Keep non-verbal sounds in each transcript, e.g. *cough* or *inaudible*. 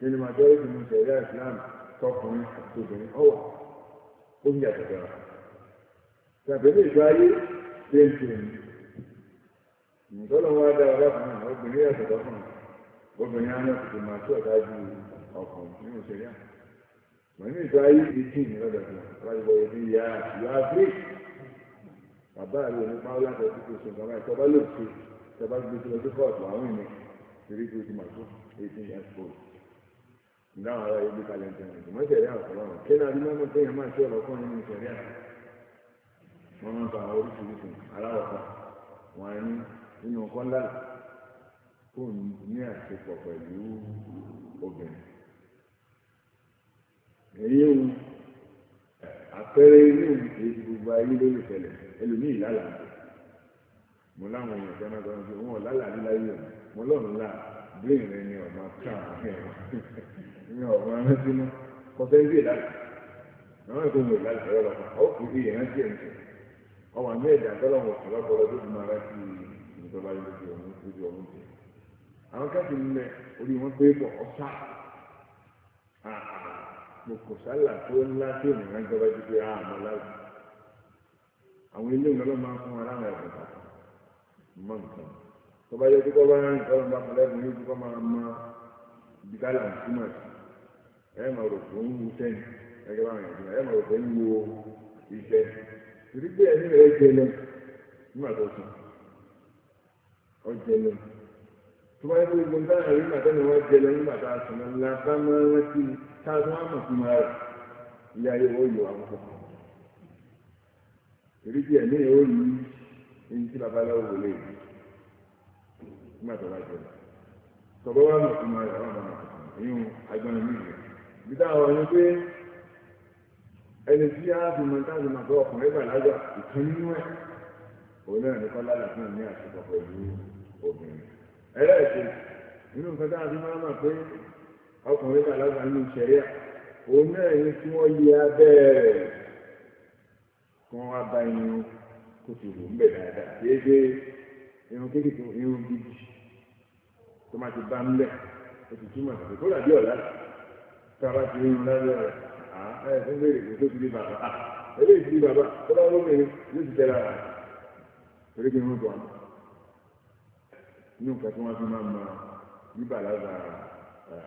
nínú majority ní ìṣẹ̀lẹ̀ Islam tọkùnrin àti obìnrin ọwà ó ń yàtọ̀ jọra ṣàpèjì ìgbà ayé ṣe ń tìrì ní ìtọ́lọ́ wa dá ọlọ́kùnrin obìnrin yàtọ̀ tọkùnrin obìnrin á náà tètè máa tó ọ̀dá ju ọkùnrin nínú ìṣẹ̀lẹ̀ wọ́n ní ìgbà ayé ti dín lọ́dọ̀ tó wáyé bí ya ya gbé bàbá rẹ̀ ní pàwọ́ láti ọdún tó ṣe bàbá ìtọ́ba lòdì dáhùn ará ibi kalẹ̀ tẹ̀ ẹ̀ mọ́ ìṣẹ̀lẹ̀ àkọ́lọ́ kí ni adúmọ́ mọ́ pé yẹn máa ṣe ọ̀rọ̀ fún nínú ìṣẹ̀lẹ̀ wọn máa ń fa àwọn oríṣiríṣi aláwọ̀ kan wọn ní nínú kọ́ńdà kò ní àṣepọ̀ pẹ̀lú obìnrin èyí ń àpẹẹrẹ inú èyí gbogbo ayé lórí ìṣẹ̀lẹ̀ ẹlòmíì lálàá mo láwọn èèyàn kí wọn máa gbọ́dọ̀ pé wọn brain rẹ ni ọ̀ma kàn ní ọ̀ma rántí mọ́ kọfẹ́ rí ìlànà àwọn ẹ̀kọ́ mi ìlànà ẹ̀rọ lọ́kọ̀ ọ̀ kò rí ìyẹn rántí ẹ̀ǹtẹ̀ ọwọ́ àmì ẹ̀dá tọ́lọ́wọ̀ ọ̀pọ̀lọpọ̀ tó fi máa rántí ìjọba lójú ọ̀hún lójú ọ̀hún tẹ̀. àwọn káàkiri ń lẹ orí wọn pé bọ̀ ọ̀sá kò sálà tó ńlá tó nìyẹn jọba ju pé àmọ́ láwùjọ àwọn ilé ìlọ́lọ́ máa ń fún wa láwọn ẹ̀bùn kan mọ́ nǹkan tó bá yẹ kókó bá ń rìn tọ́lọ́ bá fọlẹ́ fún yóò kókó máa ma ìdíkálà ìtumọ̀ ẹ máa rò fún wú sẹ́yìn ẹgbẹ́ bá rìn ìtumọ̀ ẹ máa rò fún wú iṣẹ́ torí pé ẹni rẹ̀ jẹ lọ nígbà tó sùn ọ jẹ lọ tó bá yẹ kó gbogbo nǹkan àrí nígbà tó ní wọ́n jẹ lọ nígbà tá a sùn lọ́la bá máa rántí tá a tún á mọ̀ fún ma rẹ̀ ilé ayé wọ́n yọ àwọn kọ̀ọ̀kan torí pé ẹni rẹ̀ ó yí ní ti babaláwo lè yí nígbà tó bá jẹun tọ́gbọ́n wà lọ fún ayọ̀ ọ̀rọ̀ náà ìyún agbọ́nrin mi rẹ̀ bí táwọn ọ̀rọ̀ pé ẹni tí a fi mọ táàbí màtọ́ ọkùnrin bàlágà ìtún nínú ẹ̀ òun náà ní kọ́lá làtún ní àṣepọ̀ pẹ̀lú obìnrin ẹlẹ́ẹ̀kẹ́ nínú nǹkan táàbí máa mà pé ọkùnrin bàlágà nínú ìṣẹ̀yà òun náà tó máa ti bá ń bẹ̀ ó ti túmọ̀ sí kó dàbí ọ̀la tá a bá ti rí iná lọ rẹ̀ à ẹ fún bèrè kó tó ti rí bàbá à eléyìí ti rí bàbá tó bá wọ́n mẹ́rin yóò ti tẹ́ra rẹ̀ torí kí n rúbọ̀ inú nǹkan tí wọ́n fi máa ma bíbà lára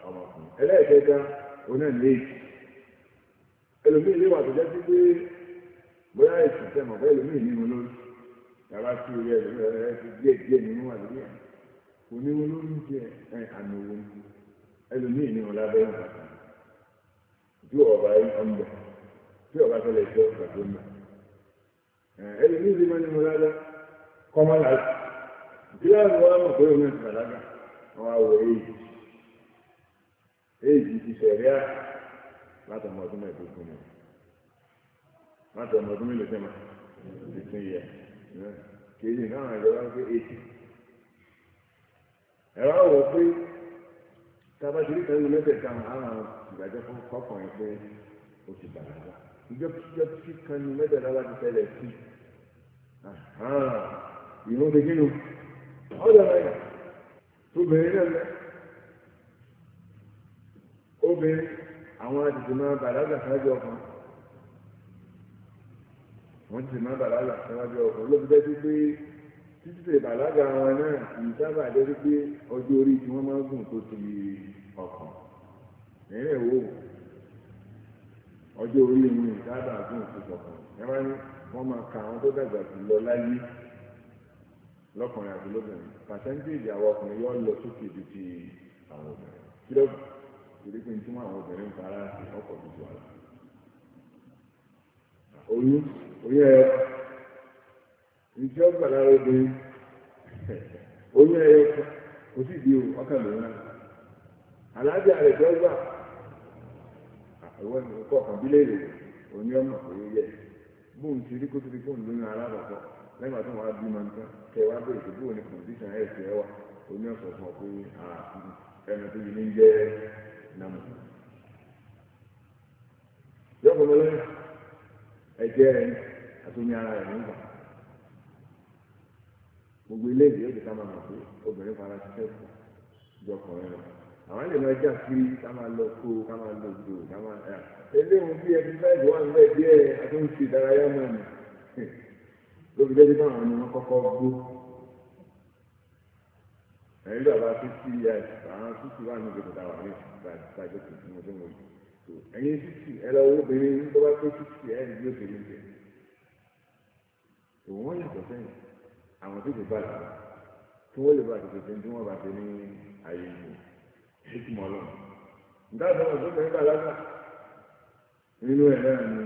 ọmọkùnrin ẹlẹ́ẹ̀kẹta oní ẹ̀lẹ́ẹ̀kì ẹlòmíì lè tó jẹ́ sí bóyá èsì tẹ̀ mọ̀ bẹ́ẹ̀ ẹlòmíì òní wọn ló ń jẹ ẹ àmì ni ẹlòmíì wọn wọn bàtà ju ọba yìí ọ̀ ń bẹ̀ tí ọba tẹ̀lé ìjọ ọ̀gá tó ń bẹ̀ ẹlòmíì n'i má ní wọn lábẹ́ kọ́mọ́ làásì bí àwọn wọn mọ̀ pé òun ti wọn á wọ èyí èyí ti à láti ọmọ ọdún láti ọmọ ọdún yẹ kéde ẹ̀rọ wò pé tabajiri kan ní mẹ́tẹ̀ẹ̀ta àwọn ìgbàjọ́ kọkànlẹ̀ pé o ti bàlágà ìjọba tí kan ní mẹ́tẹ̀ẹ̀ta bá ti tẹ̀lẹ̀ sí ìlú ti kí ni ọ̀dọ̀ rẹ̀ obìnrin náà lẹ́ obìnrin àwọn àtìtì máa bàlágà sáájú ọkàn wọ́n ti máa bàlágà sáájú ọkàn ló fi pé títí tẹ bàlágà wọn náà kì í sábà jẹ́ pé ọjọ́ orí tí wọ́n máa ń gùn tó ti ọkàn ẹ̀rẹ́ wo ọjọ́ orí wọn sábà gùn tó ọkàn ẹ wá ní wọ́n máa ka àwọn tó dàgbà sí lọ láyé lọ́kùnrin àti lóbìnrin pàṣẹ́ntéèjì àwọn ọkùnrin yóò lọ sókè ju ti àwọn obìnrin kí ló torí pé tí àwọn obìnrin ń fara ọkọ̀ tuntun àlà oyún oyún ẹ̀ nke gbàdára obìnrin oyún ẹyọ kan kò sì di ọkàn mìíràn alájà rẹ̀ jọ gbà àwọn ènìyàn kọ ọkàn bílẹ̀ èrè òní ọmọ kò yẹ nke bóun ti rí kótó ti fóun na onye onye gbogbo eléyìí yóò fi ká máa mọ̀ pé obìnrin fara ṣiṣẹ́ kù jọ ọkùnrin rẹ̀ àwọn ènìyàn ẹja kiri ká máa lọ kó ká máa lọ gbò ká máa ẹ eléyìí bí ẹbí báyìí wà nílẹ̀ díẹ̀ àtúnṣe ìdárayá náà nì *laughs* lóbi dẹ́jú náà wọn ni wọ́n kọ́kọ́ gbó ẹ̀rí bàbá fífi ẹ̀ àwọn fífi wà níbi ìdọ̀dà wà ní ìgbàjọ́ kò tí mo tó mọ̀ yìí tó ẹ̀yin fífi ẹ lọ owó obìnrin tó bá pé fífi ẹ̀ ní bí ó ṣe ní ìjẹ́ òun wọ́n yàtọ̀ sẹ́yìn àwọn tó kò bá lọ kí wọ́n lè bá tètè tẹ́ tí wọ́n bá tẹ ní ayé ìlú ìtumọ̀ lọ. nígbà tó wọn tó kẹ́ nígbà lágbà nínú ẹ̀ náà ni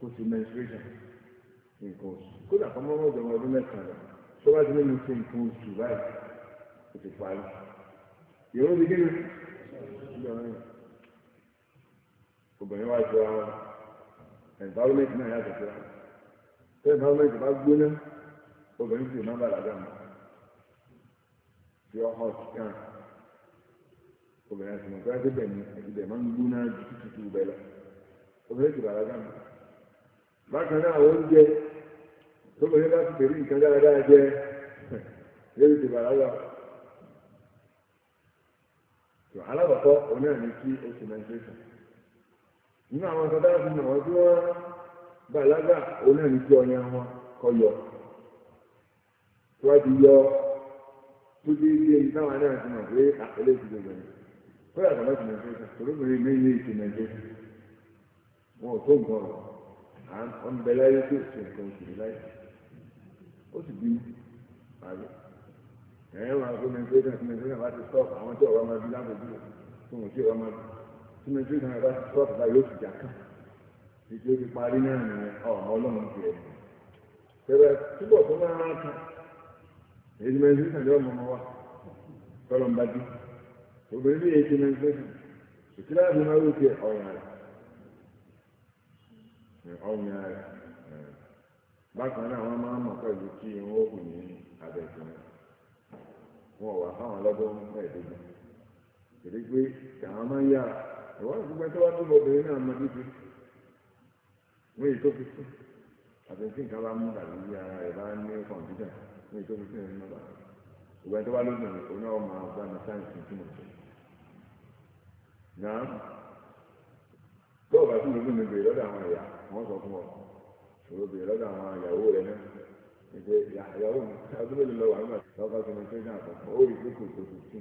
kò sí menstruation nǹkan oṣù kódà kọ́ mọ́mọ́ ọ̀dọ̀ ọdún mẹ́sàn-án lọ tó bá ti ní mo ṣe nǹkan oṣù báyìí kò sì parí. ìyẹn ó kí ni obìnrin wa jọ environment náà yàtọ̀ sí ṣé environment bá gbóná obìnrin sì máa ń bàlágà mọ́ tí ó hot gan obìnrin àti mọ̀tò àti bẹ̀rẹ̀ àti bẹ̀rẹ̀ máa ń obere su tútù bẹ́ẹ̀ lọ obìnrin sì bàlágà mọ́ bákan náà oúnjẹ tóbìnrin bá ti pèrí nǹkan dáradára jẹ lébi *laughs* ti na alábọ̀tọ́ oní àná kí ma menstruation nínú na sọdá bàlágà onáàní tí ọyàn wọn kọ yọ wájú yọ tó dé ilé ìtawà náà ti mọ̀ pé àpẹẹlẹ ti gbogbo ẹ̀ kọ́lá bàbá ti nàìjíríà olóbìnrin mi ní ìsìn nàìjíríà wọn ò tó nǹkan ọ̀rọ̀ à ń ọ̀n bẹ láyé tó sì nǹkan oṣù láyé ó sì bí àlọ́ ẹ̀yẹ́ wọn àgbo nàìjíríà ti nàìjíríà bá ti sọ́ọ̀kì àwọn tí ọ̀rọ̀ máa bí lábòjú tó wọn sí ọ̀rọ̀ máa bí tí nàìjíríà bá ti sọ́ọ̀kì báyìí ó jà kàn. ìdí ó ti parí náà nìyẹn ọ̀nà ọlọ́run ti ẹ̀ tẹ̀wẹ̀ túbọ̀ tó máa rán tán èyí mẹ́rin sísè ọmọ wa tọ́lọ̀ ń bá dé obìnrin ìtura àti máa rẹ̀ rẹ̀ bákan náà wọ́n máa ń mọ̀ pẹ̀lú kí wọ́n kù ní wọn wà fáwọn mẹ́ẹ̀ẹ́dógún pé àwọn máa ń yára gbẹ́tọ́ wá tó náà wọ́n èyí tó fi sí àtẹ̀sí nǹkan bá mú tàbí bí ara rẹ̀ bá ní kọ̀ǹpútà wọ́n èyí tó fi sí nínú bàbá ìgbà tó bá lóògùn ní oní ọmọ ọgbà ní sáyẹ̀nsì tí mo sọ. náà tó bá tún lóògùn ní bèrè àwọn ẹ̀yà wọ́n sọ fún ọ ṣòro bèrè àwọn ìyàwó rẹ̀ náà ìgbé ìyàwó mi adúlé lọ́wọ́ àwọn ọ̀gá tó ní sẹ́yìn àkọ́kọ́ ó rí i pé kò tó fi sí.